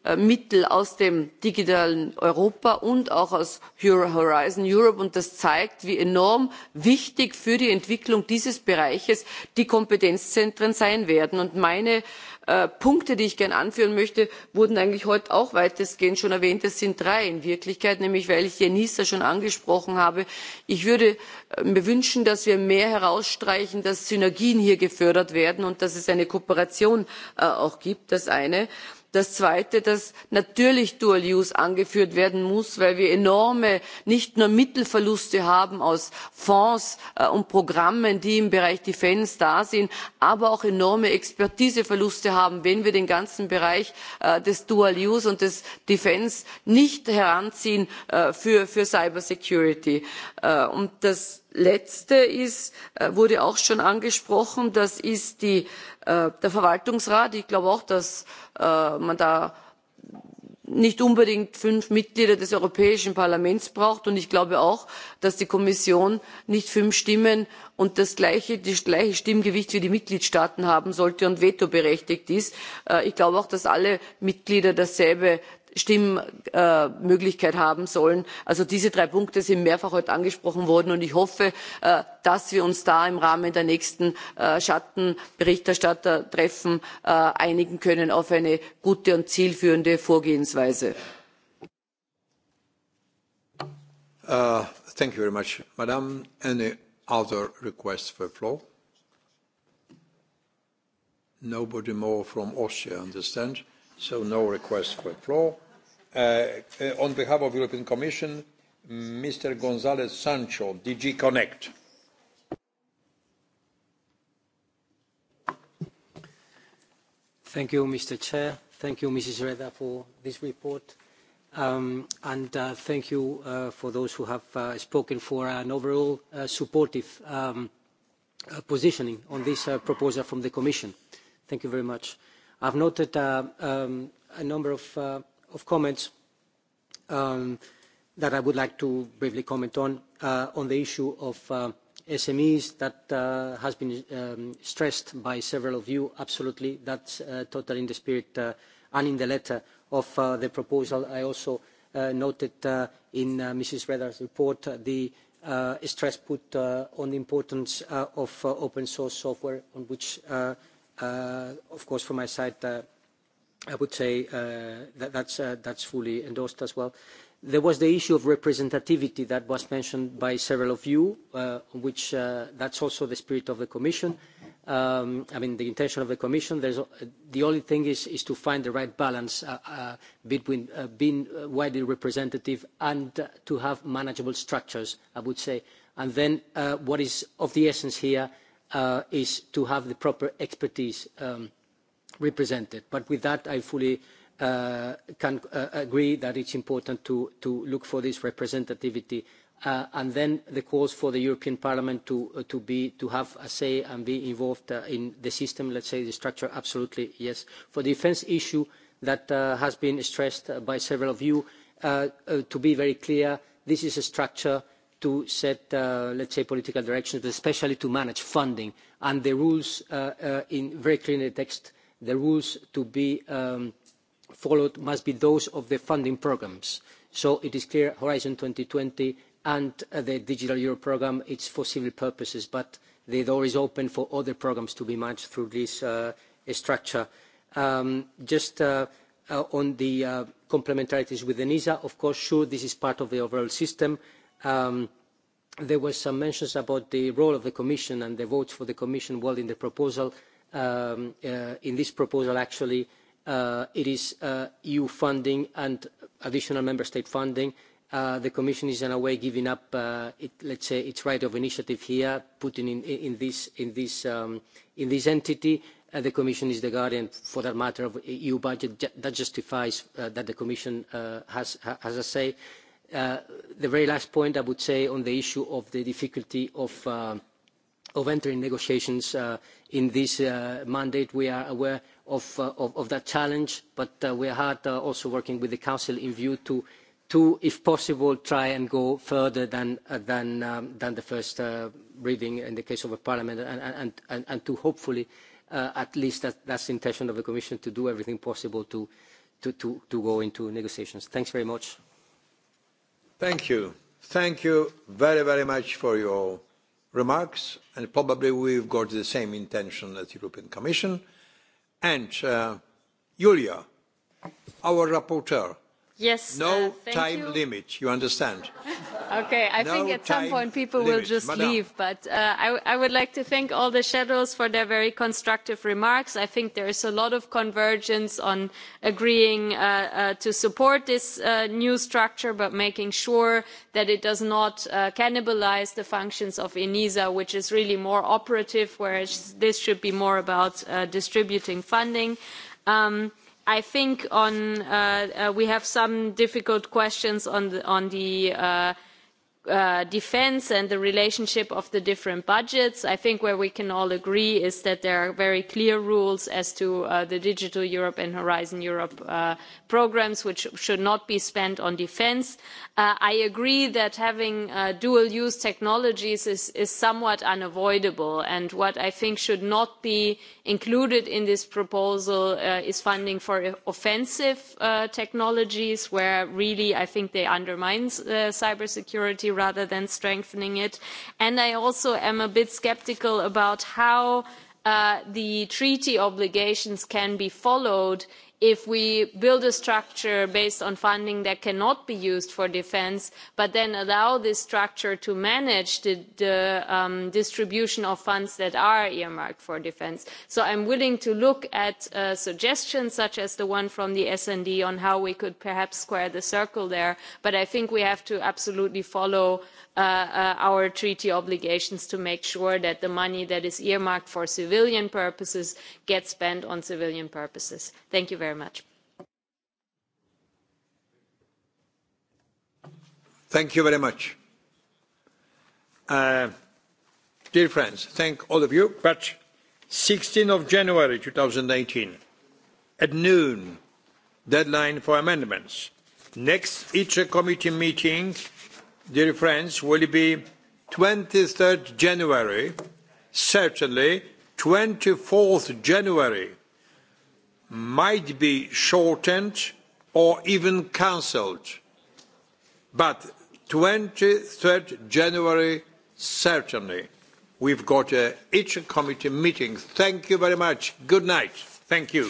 Äh, mittel aus dem digitalen europa und auch aus horizon europe und das zeigt wie enorm wichtig für die entwicklung dieses bereiches die kompetenzzentren sein werden. meine äh, punkte die ich gerne anführen möchte wurden eigentlich heute auch weitestgehend schon erwähnt. es sind drei in wirklichkeit nämlich weil ich die enisa schon angesprochen habe ich würde äh, mir wünschen dass wir mehr herausstreichen dass synergien hier gefördert werden und dass es eine kooperation auch gibt das eine das zweite dass natürlich dual use angeführt werden muss weil wir enorme nicht nur mittelverluste haben aus fonds äh, und programmen die im bereich defence da sind aber auch enorme expertiseverluste haben wenn wir den ganzen bereich äh, des dual use und des defence nicht heranziehen äh, für cyber security. und das letzte äh, wurde auch schon angesprochen, das ist äh, der Verwaltungsrat. Ich glaube auch, dass äh, man da nicht unbedingt fünf Mitglieder des Europäischen Parlaments braucht. Und ich glaube auch, dass die Kommission nicht fünf Stimmen und das gleiche Stimmgewicht wie die Mitgliedstaaten haben sollte und vetoberechtigt ist. Ich glaube auch, dass alle Mitglieder dasselbe, Stimmmöglichkeit haben sollen. Also diese drei Punkte sind heute mehrfach angesprochen worden und ich hoffe, äh, dass wir uns da im Rahmen der nächsten äh, Schattenberichterstattertreffen äh, einigen können auf eine gute und zielführende Vorgehensweise. Uh, thank you very much. Madam, any other requests for floor? Nobody more from Austria, understand. So no request for floor. Uh, uh on behalf of European Commission, Mr. Gonzalez Sancho, DG Connect. Thank you, Mr. Chair. Thank you, Mrs. Reda, for this report. Um, and uh, thank you uh, for those who have uh, spoken for an overall uh, supportive um, uh, positioning on this proposal from the Commission. Thank you very much. I've noted uh, um, a number of, uh, comments um, that I would like to briefly comment on, uh, on the issue of SMEs that has been um, stressed by several of you. Absolutely, that's uh, totally in the spirit and in the letter of the proposal. I also noted in Mrs. Reda's report the stress put on the importance of open source software on which Uh, of course, from my side, uh, I would say uh, that that's, fully endorsed as well. There was the issue of representativity that was mentioned by several of you, which that's also the spirit of the Commission. Um, I mean, the intention of the Commission. the only thing is, to find the right balance between being widely representative and to have manageable structures, I would say. And then what is of the essence here Uh, is to have the proper expertise um, represented. But with that, I fully uh, can uh, agree that it's important to, to look for this representativity and then the calls for the European Parliament to, to, be, to have a say and be involved in the system, let's say the structure, absolutely yes. For the defence issue that has been stressed by several of you, to be very clear, this is a structure to set, uh, let's say, political directions, but especially to manage funding and the rules uh, uh, in very clear in the text. The rules to be um, followed must be those of the funding programmes. So it is clear Horizon 2020 and uh, the Digital Euro programme, it's for civil purposes, but the door is open for other programmes to be managed through this uh, structure. Um, just uh, on the complementarities with ENISA, of course, sure, this is part of the overall system Um, there were some mentions about the role of the Commission and the votes for the Commission. Well, in the proposal, um, uh, in this proposal, actually, uh, it is uh, EU funding and additional member state funding. Uh, the Commission is in a way giving up, uh, it, let's say, its right of initiative here, putting in, in this in this um, in this entity. Uh, the Commission is the guardian, for that matter, of EU budget. That justifies that the Commission has has a say Uh, the very last point I would say on the issue of the difficulty of, uh, entering negotiations uh, in this mandate, we are aware of, that challenge, but we are hard also working with the Council in view to, if possible, try and go further than, um, the first reading in the case of a parliament, and, to hopefully, at least that's the intention of the Commission, to do everything possible to go into negotiations. Thanks very much. Thank you. Thank you very, very much for your remarks. And probably we've got the same intention as the European Commission. And uh, Julia, our rapporteur, Yes. No uh, time you. limit, you understand. okay, I no think at some point people limit. will just Madame. leave, but uh, I, I would like to thank all the shadows for their very constructive remarks. I think there is a lot of convergence on agreeing uh, uh, to support this uh, new structure, but making sure that it does not uh, cannibalize the functions of ENISA, which is really more operative, whereas this should be more about uh, distributing funding. Um, I think uh, uh, we have some difficult questions on the, on the uh, Uh, defence and the relationship of the different budgets. I think where we can all agree is that there are very clear rules as to uh, the Digital Europe and Horizon Europe uh, programmes, which should not be spent on defence. I agree that having dual-use technologies is, somewhat unavoidable, and what I think should not be included in this proposal is funding for offensive technologies, where really I think they undermine cybersecurity rather than strengthening it. And I also am a bit sceptical about how uh, the treaty obligations can be followed if we build a structure based on funding that cannot be used for defence but then allow this structure to manage the, um, distribution of funds that are earmarked for defence. so I am willing to look at uh, suggestions such as the one from the sd on how we could perhaps square the circle there but i think we have to absolutely follow Uh, uh, our treaty obligations to make sure that the money that is earmarked for civilian purposes gets spent on civilian purposes. Thank you very much. Thank you very much. Uh, dear friends, thank all of you. But 16th of January 2018, at noon, deadline for amendments. Next ITRE committee meeting dear friends, will be 23rd January, certainly 24th January, might be shortened or even cancelled, but 23rd January, certainly. We've got a uh, each committee meeting. Thank you very much. Good night. Thank you.